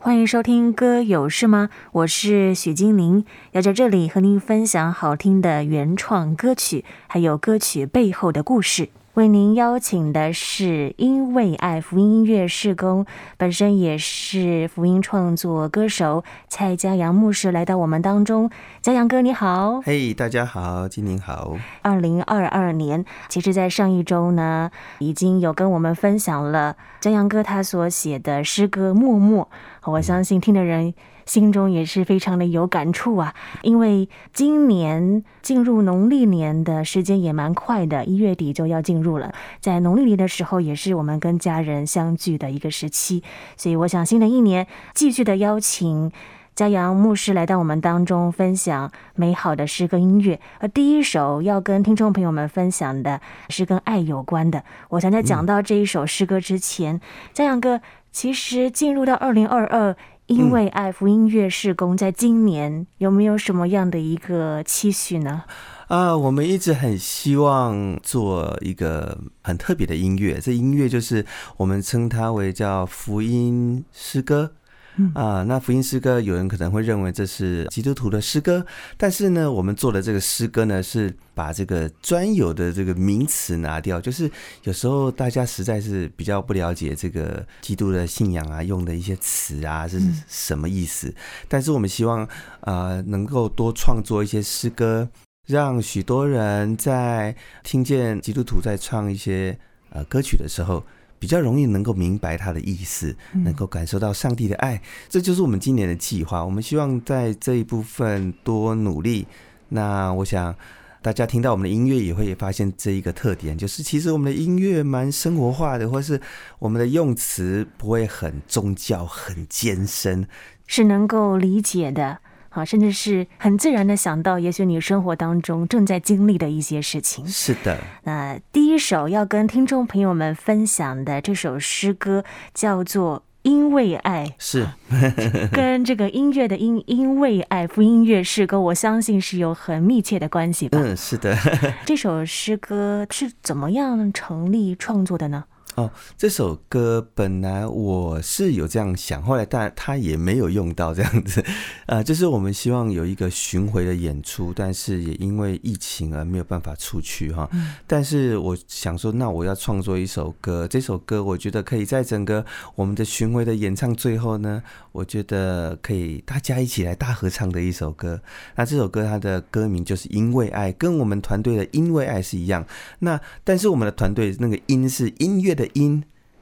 歡迎收聽《歌有事嗎》，我是許金寧，要在這裡和您分享好聽的原創歌曲，還有歌曲背後的故事。為您邀請的是音為愛福音音樂事工本身也是福音創作歌手蔡家陽牧師來到我們當中，家陽哥你好，嘿、hey, 大家好，今年好，二零二二年，其實，在上一周呢，已經有跟我們分享了家陽哥他所寫的詩歌《默默》，我相信聽的人。心中也是非常的有感觸啊，因為今年進入農曆年的時間也蠻快的，一月底就要進入了。在農曆年的時候，也是我們跟家人相聚的一個時期，所以我想新的一年繼續的邀請嘉陽牧師來到我們當中分享美好的詩歌音樂。而第一首要跟聽眾朋友們分享的是跟愛有關的。我想在講到這一首詩歌之前，嗯，嘉陽哥，其實進入到二零二二。音為愛福音音樂事工，在今年，嗯，有沒有什麼樣的一個期許呢？啊，呃，我們一直很希望做一個很特別的音樂，這音樂就是我們稱它為叫福音詩歌。啊、嗯呃，那福音詩歌，有人可能會認為這是基督徒的詩歌，但是呢，我們做的這個詩歌呢，是把這個專有的這個名詞拿掉，就是有時候大家實在是比較不了解這個基督的信仰啊，用的一些詞啊，這是什麼意思，嗯、但是我們希望啊、呃，能夠多創作一些詩歌，讓許多人在聽見基督徒在唱一些呃歌曲的時候。比較容易能夠明白他的意思，能夠感受到上帝的愛，嗯、這就是我們今年的計劃。我們希望在這一部分多努力。那我想大家聽到我們的音樂也會發現這一個特點，就是其實我們的音樂蠻生活化的，或是我們的用詞不會很宗教、很艱深，是能夠理解的。好，甚至是很自然的想到，也許你生活當中正在經歷的一些事情。是的，那第一首要跟聽眾朋友們分享的這首詩歌叫做《因為愛》，是 跟這個音樂的音“音音為愛”福音音樂詩歌，我相信是有很密切的關係吧。嗯，是的， 這首詩歌是怎麼樣成立創作的呢？哦，這首歌本來我是有這樣想，後來但他，他也沒有用到這樣子，呃，就是我們希望有一個巡回的演出，但是也因為疫情而沒有辦法出去哈。但是我想說，那我要創作一首歌，這首歌我覺得可以在整個我們的巡回的演唱最後呢，我覺得可以大家一起來大合唱的一首歌。那這首歌它的歌名就是《因為愛》，跟我們團隊的《因為愛》是一樣。那但是我們的團隊那個音是音樂。的音，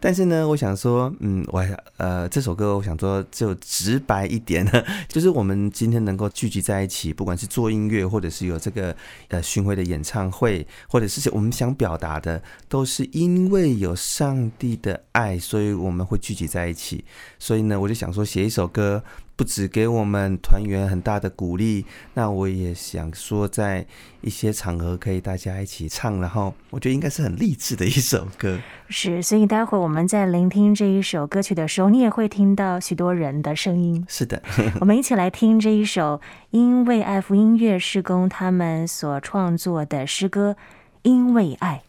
但是呢，我想說，嗯，我呃，這首歌我想說就直白一點，就是我們今天能夠聚集在一起，不管是做音樂，或者是有這個呃巡回的演唱會，或者是我們想表達的，都是因為有上帝的愛，所以我們會聚集在一起。所以呢，我就想說寫一首歌。不只給我們團員很大的鼓勵，那我也想說，在一些場合可以大家一起唱，然後我覺得應該是很勵志的一首歌。是，所以待會我們在聆聽這一首歌曲的時候，你也會聽到許多人的聲音。是的， 我們一起來聽這一首，音為愛福音音樂事工他們所創作的詩歌《因為愛》。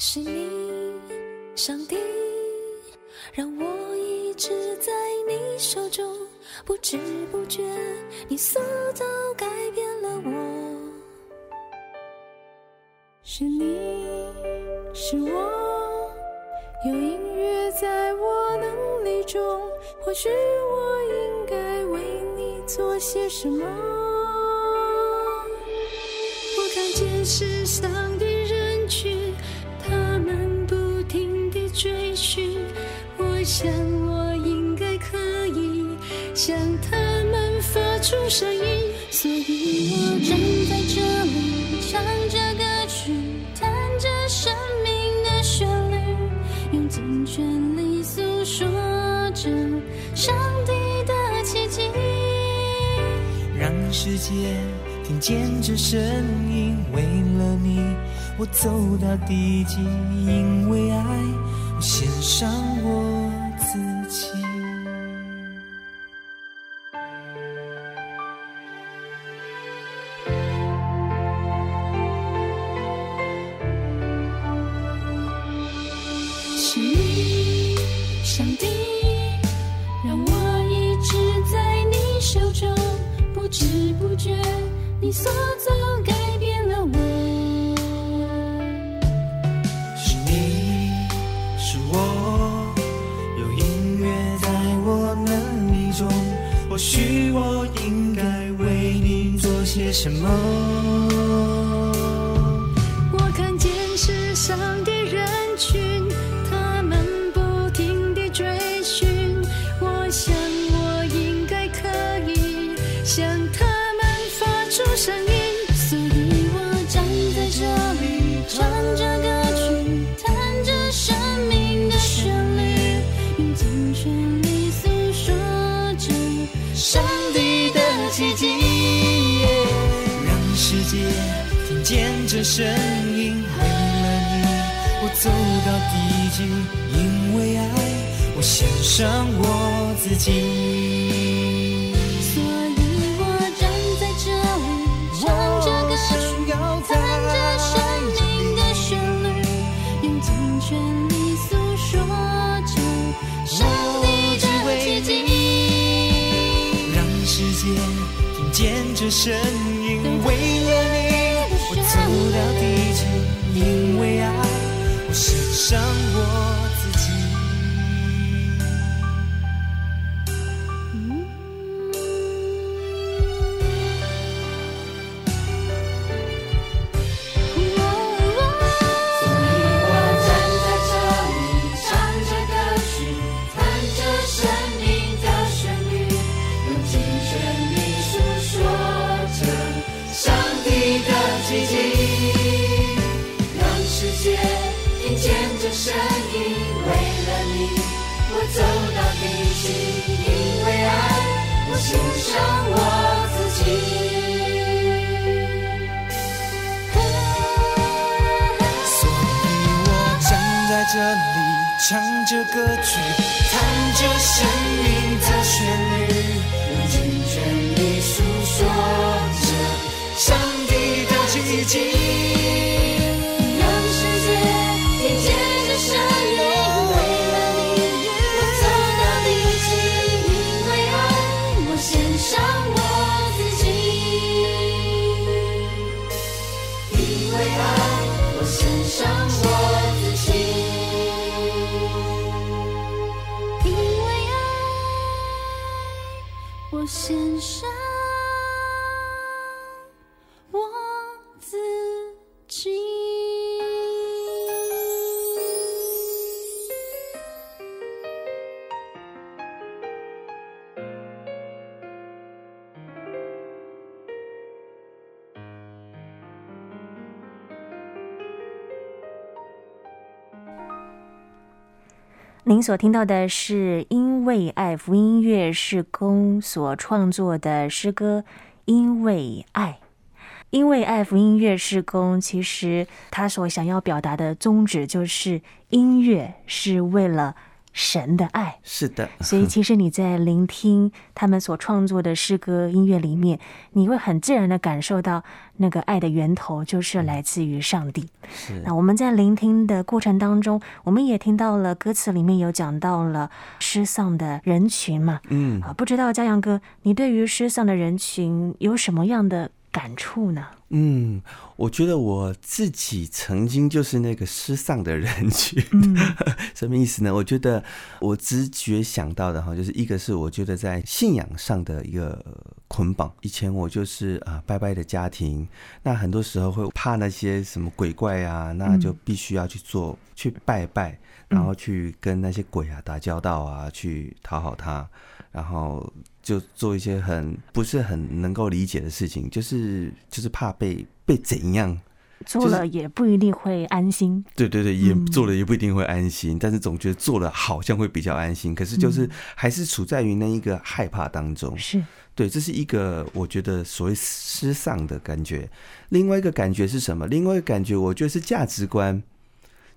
是你，上帝，讓我一直在你手中，不知不覺，你塑造改變了我。是你，是我，有音樂在我能力中，或許我應該為你做些什麼。我看見是上帝。我想我應該可以向他們發出聲音，所以我站在這裡，唱着歌曲，彈着生命的旋律，用盡全力訴說着上帝的奇蹟，讓世界聽見這聲音。為了你，我走到地極，因為愛。群，他們不停地追尋。我想我應該可以向他們發出聲音，所以我站在這裡，唱着歌曲，彈着生命的旋律，用盡全力訴說着上帝的奇蹟，讓世界聽見這聲音。因為愛，我獻上我自己。所以我站在這裡，唱著歌曲，彈着生命的旋律，用盡全力訴說着，我只為你。讓世界聽見這聲音，對為了你，我走遍地球，因為愛。獻上我自己，所以，我站在這裡，唱着歌曲，彈着生命的旋律，用盡全力訴說着上帝的奇蹟。您所聽到的是音為愛福音音樂事工所創作的詩歌《因為愛》，音為愛福音音樂事工，其實他所想要表達的宗旨就是音樂是為了神的愛，是的，所以其實你在聆聽他們所創作的詩歌音樂裡面，你會很自然的感受到那個愛的源頭就是來自於上帝。是，那我們在聆聽的過程當中，我們也聽到了歌詞裡面有講到了失喪的人群嘛，嗯，啊，不知道嘉陽哥，你對於失喪的人群有什麼樣的感觸呢？嗯，我覺得我自己曾經就是那個失喪的人群， 什麼意思呢？我覺得我直覺想到的哈，就是一個是我覺得在信仰上的一個捆綁。以前我就是啊拜拜的家庭，那很多時候會怕那些什麼鬼怪啊，那就必須要去做、嗯、去拜拜，然後去跟那些鬼啊打交道啊，去討好他，然後。就做一些很不是很能夠理解的事情，就是就是怕被被怎樣，做了也不一定會安心。對對對，也做了也不一定會安心，嗯、但是總覺得做了好像會比較安心，可是就是還是處在於那一個害怕當中。嗯、是對，這是一個我覺得所謂失喪的感覺。另外一個感覺是什麼？另外一個感覺，我覺得是價值觀，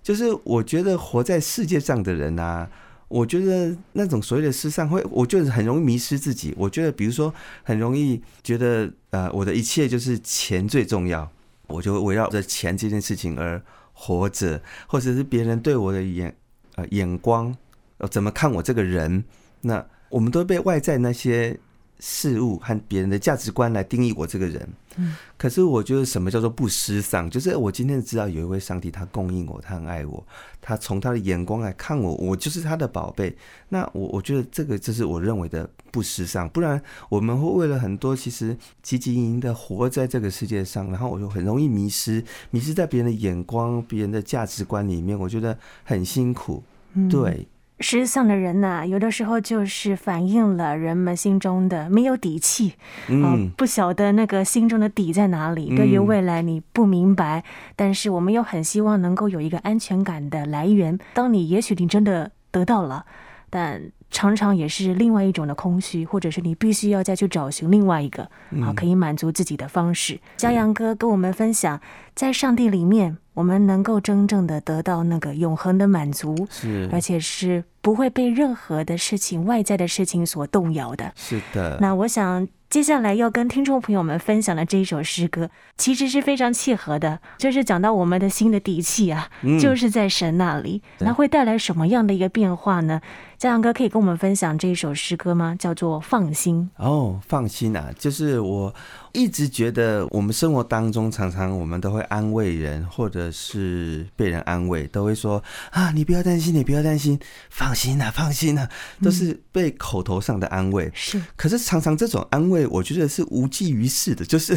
就是我覺得活在世界上的人啊。我覺得那種所謂的時尚，會我就是很容易迷失自己。我覺得，比如說，很容易覺得，呃，我的一切就是錢最重要，我就圍繞着錢這件事情而活着，或者是別人對我的眼，呃，眼光，呃，怎麼看我這個人？那我們都被外在那些。事物和別人的價值觀來定義我這個人，嗯，可是我覺得什麼叫做不失喪？就是我今天知道有一位上帝，他供應我，他很愛我，他從他的眼光來看我，我就是他的寶貝。那我我覺得這個就是我認為的不失喪。不然我們會為了很多其實汲汲營營的活在這個世界上，然後我就很容易迷失，迷失在別人的眼光、別人的價值觀裡面，我覺得很辛苦。對。實際上的人呢、啊，有的時候就是反映了人們心中的沒有底氣，嗯呃、不曉得那個心中的底在哪裡，對、嗯、於未來你不明白，但是我們又很希望能夠有一個安全感的來源，當你也許你真的得到了。但常常也是另外一種的空虛，或者是你必須要再去找尋另外一個、嗯、啊，可以滿足自己的方式。江、嗯、陽哥跟我們分享，在上帝裡面，我們能夠真正的得到那個永恆的滿足，是而且是不會被任何的事情、外在的事情所動搖的。是的。那我想接下來要跟聽眾朋友們分享的這一首詩歌，其實是非常契合的，就是講到我們的心的底氣啊，嗯、就是在神那裡，那會帶來什麼樣的一個變化呢？嘉陽哥，可以跟我們分享這一首詩歌嗎？叫做《放心》哦。Oh, 放心啊，就是我一直覺得，我們生活當中常常我們都會安慰人，或者是被人安慰，都會說：“啊，你不要擔心，你不要擔心，放心啊，放心啊”。都是被口頭上的安慰。是、嗯，可是常常這種安慰，我覺得是無濟於事的。就是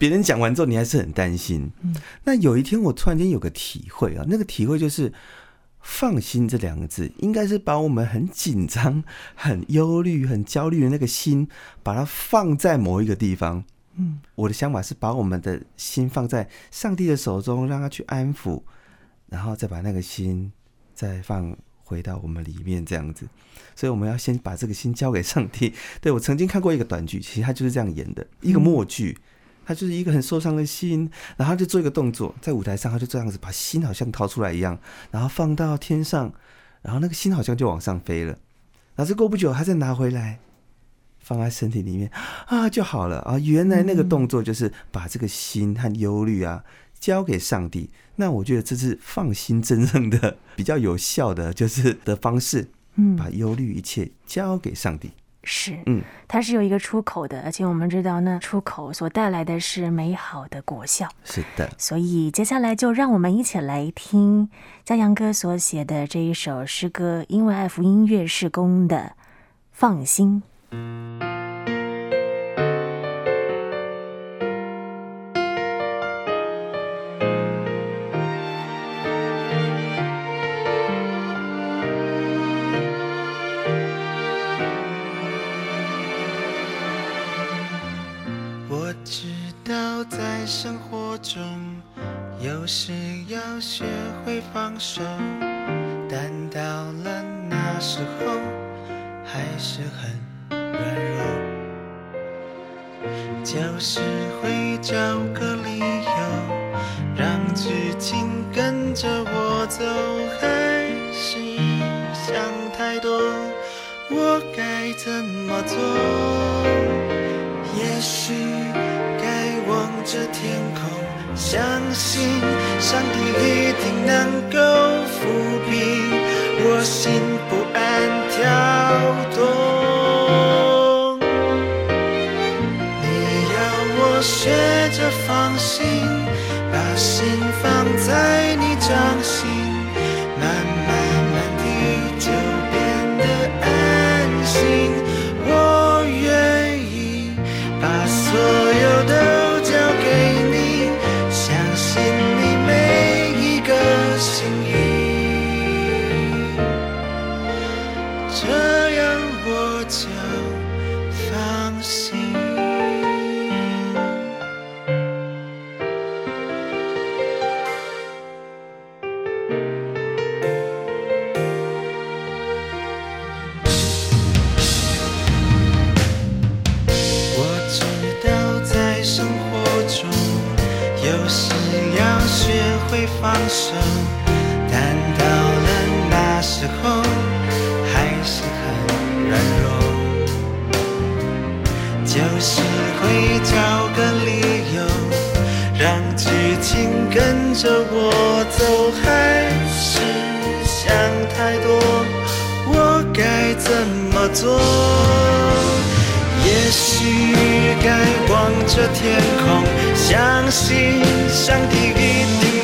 別人講完之後，你還是很擔心。嗯。那有一天，我突然間有個體會啊，那個體會就是。放心這兩個字，應該是把我們很緊張、很憂慮、很焦慮的那個心，把它放在某一個地方。嗯，我的想法是把我們的心放在上帝的手中，讓他去安撫，然後再把那個心再放回到我們裡面這樣子。所以我們要先把這個心交給上帝。對，我曾經看過一個短劇，其實他就是這樣演的，一個默劇。嗯他就是一個很受傷的心，然後他就做一個動作，在舞台上他就這樣子把心好像掏出來一樣，然後放到天上，然後那個心好像就往上飛了，然後這過不久他再拿回來，放在身體裡面啊就好了啊。原來那個動作就是把這個心和憂慮啊交給上帝，那我覺得這是放心真正的比較有效的就是的方式，嗯，把憂慮一切交給上帝。是，嗯，它是有一個出口的，而且我們知道呢，出口所帶來的是美好的果效。是的，所以接下來就讓我們一起來聽嘉陽哥所寫的這一首詩歌，音為愛福音音樂事工的，放心。嗯軟弱，就是會找個理由讓劇情跟着我走，還是想太多，我該怎麼做？也許該望着天空，相信上帝一定能夠撫平我心。不。在。放手，但到了那時候還是很軟弱，就是會找個理由讓劇情跟着我走，還是想太多，我該怎麼做？也許該望着天空，相信上帝一定。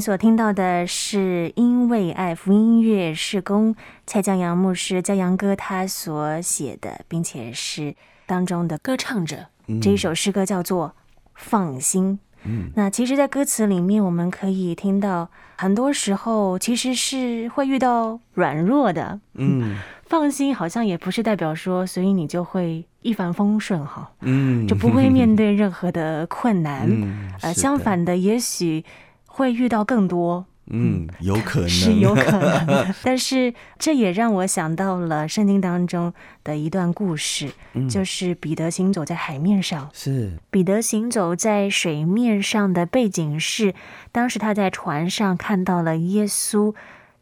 所聽到的是音為愛福音音樂事工蔡江陽牧師江陽哥他所寫的，並且是當中的歌唱者。這一首詩歌叫做《放心》。嗯，那其實，在歌詞裡面，我們可以聽到很多時候其實是會遇到軟弱的。嗯，放心好像也不是代表說，所以你就會一帆風順哈。嗯，就不會面對任何的困難。嗯，呃，相反的，也許。會遇到更多，嗯，有可能 是有可能， 但是這也讓我想到了聖經當中的一段故事，嗯，就是彼得行走在海面上。是彼得行走在水面上的背景是，當時他在船上看到了耶穌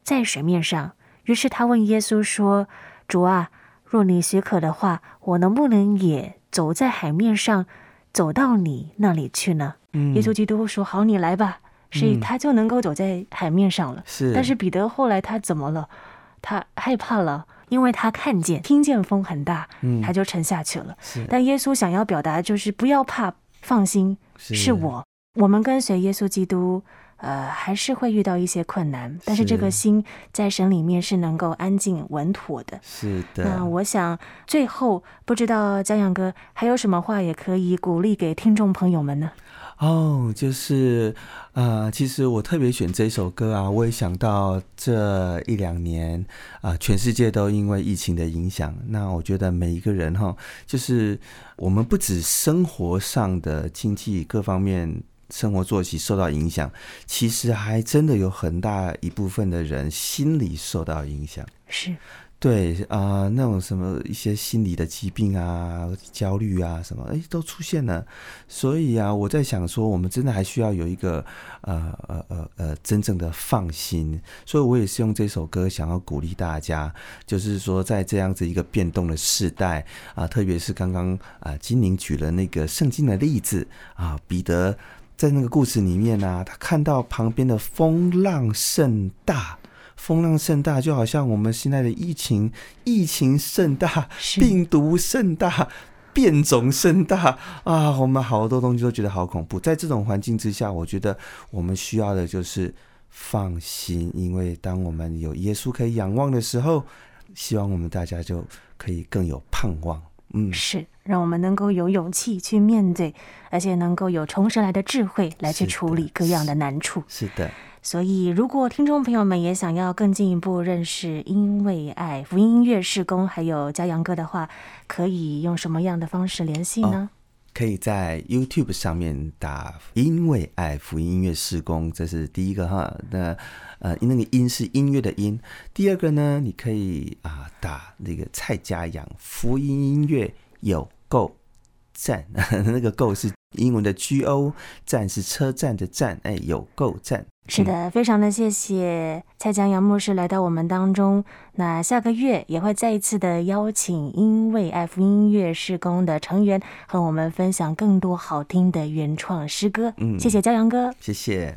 在水面上，於是他問耶穌說：“主啊，若你許可的話，我能不能也走在海面上，走到你那裡去呢？”嗯，耶穌基督說：“好，你來吧。”所以他就能夠走在海面上了。嗯、是，但是彼得後來他怎麼了？他害怕了，因為他看見、聽見風很大，嗯、他就沉下去了。是，但耶穌想要表達就是不要怕，放心，是我。是我們跟隨耶穌基督，呃，還是會遇到一些困難，但是這個心在神裡面是能夠安靜穩妥的。是的。那我想最後不知道江陽哥還有什麼話也可以鼓勵給聽眾朋友們呢？哦，oh, 就是啊、呃，其實我特別選這首歌啊，我也想到這一兩年啊、呃，全世界都因為疫情的影響，那我覺得每一個人哈、哦，就是我們不止生活上的經濟各方面生活作息受到影響，其實還真的有很大一部分的人心裡受到影響。是。對啊、呃，那種什麼一些心理的疾病啊、焦慮啊什麼，哎，都出現了。所以啊，我在想說，我們真的還需要有一個呃呃呃呃真正的放心。所以我也是用這首歌想要鼓勵大家，就是說在這樣子一個變動的時代啊、呃，特別是剛剛啊、呃，金寧舉了那個聖經的例子啊、呃，彼得在那個故事裡面呢、啊，他看到旁邊的風浪甚大。風浪甚大，就好像我們現在的疫情，疫情甚大，的病毒甚大，變種甚大啊！我們好多東西都覺得好恐怖。在這種環境之下，我覺得我們需要的就是放心，因為當我們有耶穌可以仰望的時候，希望我們大家就可以更有盼望。嗯，是，讓我們能夠有勇氣去面對，而且能夠有重生來的智慧來去處理各樣的難處。是的。是的。所以，如果聽眾朋友們也想要更進一步認識“音為愛福音音樂事工”還有嘉陽哥的話，可以用什麼樣的方式聯繫呢？Oh, 可以在 YouTube 上面打“音為愛福音音樂事工”，這是第一個哈。那呃，那個“音”是音樂的“音”。第二個呢，你可以啊、呃、打那個蔡嘉陽福音音樂有夠站，那個“夠”是英文的 “go”，站是車站的“站”。哎，有夠站。讚是的，非常的謝謝蔡江陽牧師來到我們當中。那下個月也會再一次的邀請音為愛福音音樂事工的成員和我們分享更多好聽的原創詩歌。嗯，謝謝江陽哥，謝謝。